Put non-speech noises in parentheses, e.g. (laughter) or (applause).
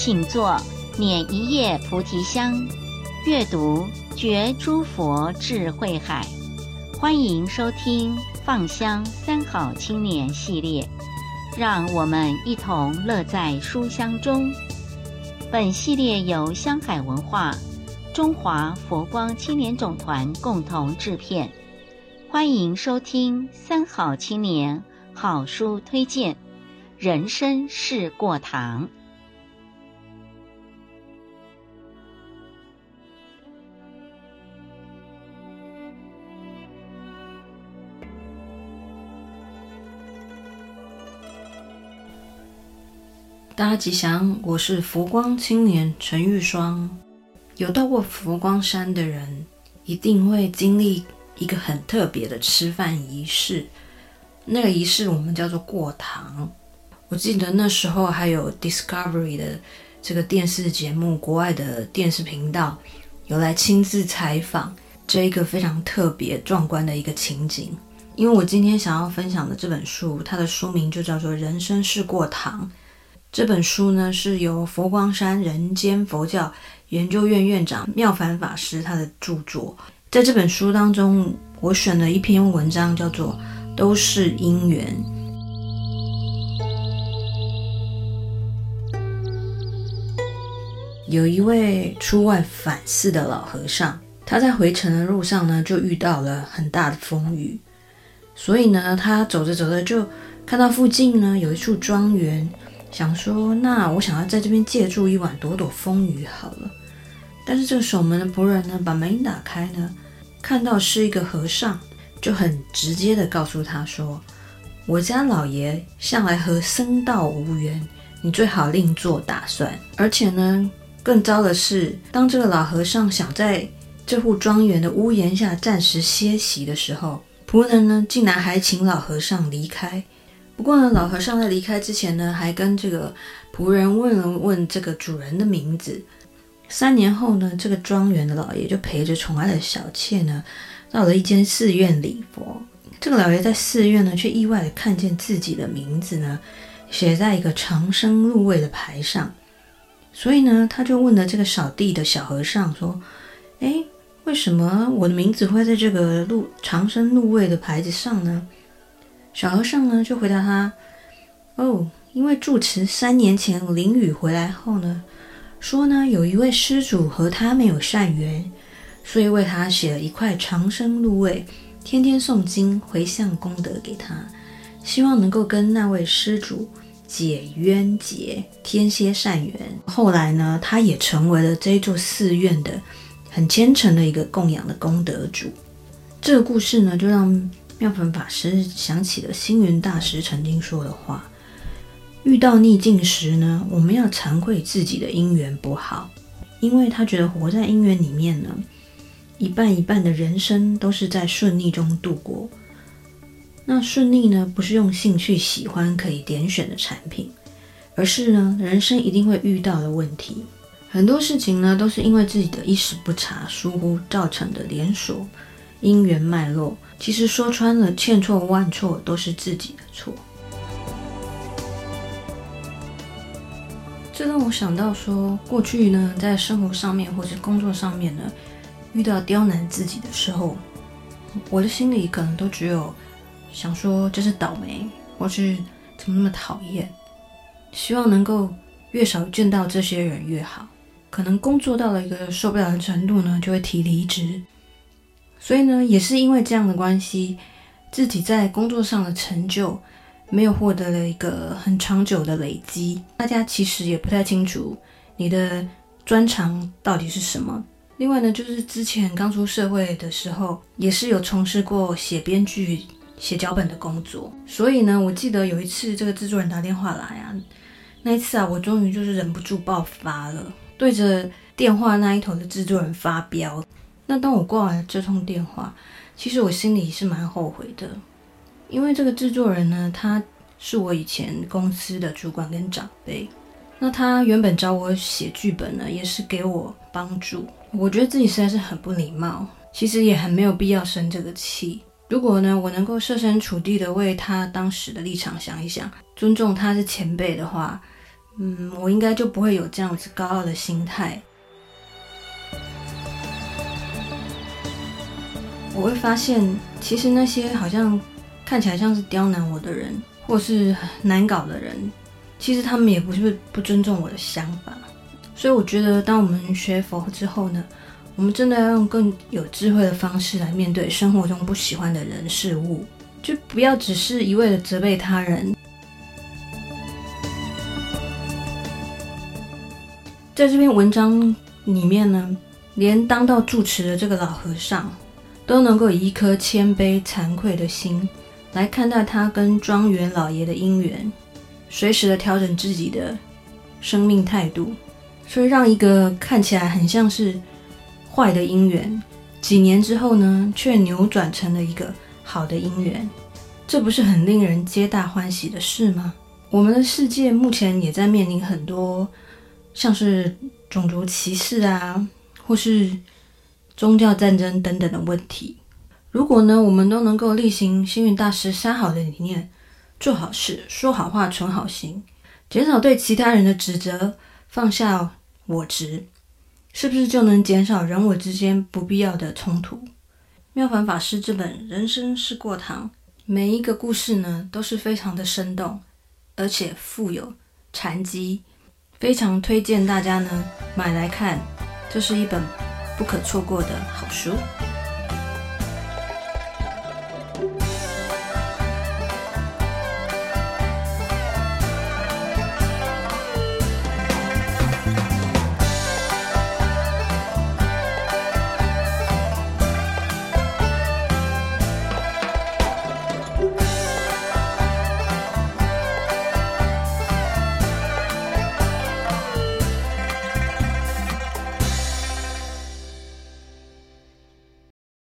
請坐，捻一葉菩提香，閱讀覺諸佛智慧海。歡迎收聽《放香三好青年》系列，讓我們一同樂在書香中。本系列由香海文化、中華佛光青年總團共同製片。歡迎收聽《三好青年好書推薦》，人生是過堂。大家吉祥，我是佛光青年陳玉霜。有到過佛光山的人，一定會經歷一個很特別的吃飯儀式。那個儀式我們叫做過堂。我記得那時候還有 Discovery 的這個電視節目，國外的電視頻道有來親自採訪這一個非常特別壯觀的一個情景。因為我今天想要分享的這本書，它的書名就叫做《人生是過堂》。這本書呢，是由佛光山人間佛教研究院院長妙凡法師他的著作。在這本書當中，我選了一篇文章，叫做《都是因緣》。有一位出外訪寺的老和尚，他在回程的路上呢，就遇到了很大的風雨，所以呢，他走着走着就看到附近呢有一處莊園。想說，那我想要在這邊借住一晚，躲躲風雨好了。但是這個守門的僕人呢，把門打開呢，看到是一個和尚，就很直接的告訴他說：“我家老爺向來和僧道無緣，你最好另作打算。”而且呢，更糟的是，當這個老和尚想在這戶莊園的屋檐下暫時歇息的時候，僕人呢，竟然還請老和尚離開。不過呢，老和尚在離開之前呢，還跟這個僕人問了問這個主人的名字。三年後呢，這個莊園的老爺就陪着寵愛的小妾呢，到了一間寺院禮佛。這個老爺在寺院呢，卻意外地看見自己的名字呢，寫在一個長生祿位的牌上。所以呢，他就問了這個掃地的小和尚說：“哎，為什麼我的名字會在這個祿，長生祿位的牌子上呢？”小和尚呢就回答他：“哦，因為住持三年前淋雨回來後呢，說呢有一位施主和他沒有善緣，所以為他寫了一塊長生祿位，天天誦經回向功德給他，希望能夠跟那位施主解冤結，添些善緣。後來呢，他也成為了這座寺院的很虔誠的一個供養的功德主。這個故事呢，就讓。”妙凡法師想起了星雲大師曾經說的話：“遇到逆境時呢，我們要慚愧自己的因緣不好，因為他覺得活在因緣裡面呢，一半一半的人生都是在順逆中度過。那順逆呢，不是用興趣喜歡可以點選的產品，而是呢，人生一定會遇到的問題。很多事情呢，都是因為自己的一時不察、疏忽造成的連鎖。”因緣脈絡，其實說穿了，千錯萬錯都是自己的錯。這 (noise) 讓我想到說，說過去呢，在生活上面或者是工作上面呢，遇到刁難自己的時候，我的心裡可能都只有想說這是倒霉，或是怎麼那麼討厭，希望能夠越少見到這些人越好。可能工作到了一個受不了的程度呢，就會提離職。所以呢，也是因為這樣的關係，自己在工作上的成就沒有獲得了一個很長久的累積。大家其實也不太清楚你的專長到底是什麼。另外呢，就是之前剛出社會的時候，也是有從事過寫編劇、寫腳本的工作。所以呢，我記得有一次這個製作人打電話來啊，那一次啊，我終於就是忍不住爆發了，對着電話那一頭的製作人發飆。那當我掛完這通電話，其實我心裡是蠻後悔的，因為這個製作人呢，他是我以前公司的主管跟長輩，那他原本找我寫劇本呢，也是給我幫助。我覺得自己實在是很不禮貌，其實也很沒有必要生這個氣。如果呢，我能夠設身處地的為他當時的立場想一想，尊重他是前輩的話，嗯，我應該就不會有這樣子高傲的心態。我會發現，其實那些好像看起來像是刁難我的人，或是難搞的人，其實他們也不是不尊重我的想法。所以我覺得，當我們學佛之後呢，我們真的要用更有智慧的方式來面對生活中不喜歡的人事物，就不要只是一味的責備他人。在這篇文章裡面呢，連當到住持的這個老和尚。都能夠以一顆謙卑、慚愧的心來看待他跟莊園老爺的因緣，隨時的調整自己的生命態度，所以讓一個看起來很像是壞的因緣，幾年之後呢，卻扭轉成了一個好的因緣，這不是很令人皆大歡喜的事嗎？我們的世界目前也在面臨很多像是種族歧視啊，或是。宗教戰爭等等的問題，如果呢，我們都能夠力行星雲大師三好的理念，做好事，說好話，存好心，減少對其他人的指責，放下我執，是不是就能減少人我之間不必要的衝突？妙凡法師這本《人生是過堂》，每一個故事呢都是非常的生動，而且富有禪機，非常推薦大家呢買來看。這是一本。不可錯過的好書。